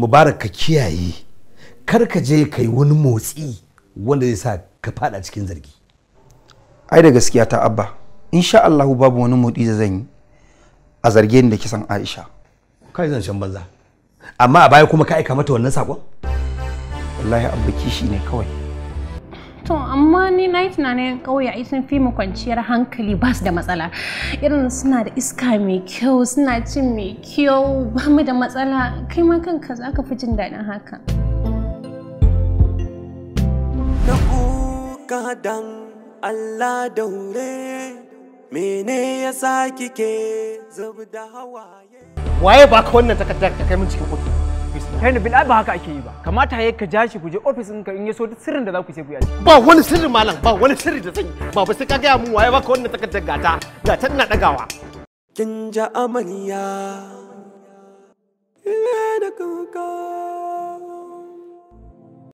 mubarak ka kiyaye kar ka je kayi wani motsi wanda zai sa ka fada cikin zargi ai da gaskiya ta abba insha Allah babu wani motsi da zan yi a zarge ni da kisan Aisha kai shan banza amma a baya kuma ka aika mata wannan sakon wallahi abba kishi ne kawai to amma ni na yi tunanin ƙauye ai sun fi mu kwanciyar hankali bas da matsala irin suna da iska mai kyau suna cin mai kyau ba mu da matsala kai ma kanka za ka fi jin daɗin haka na kuka Allah hawaye waye baka wannan takardar ka kai min cikin kudu kai bil ba haka ake yi ba kamata yayi ka ja shi ku je office ɗinka in ya so duk sirrin da za ku sai ku yi ba wani sirri malam ba wani sirri da zan baba ba ba sai ka gaya mun waye baka wannan takardar gata gata ina ɗagawa. kin ja amaniya da kanka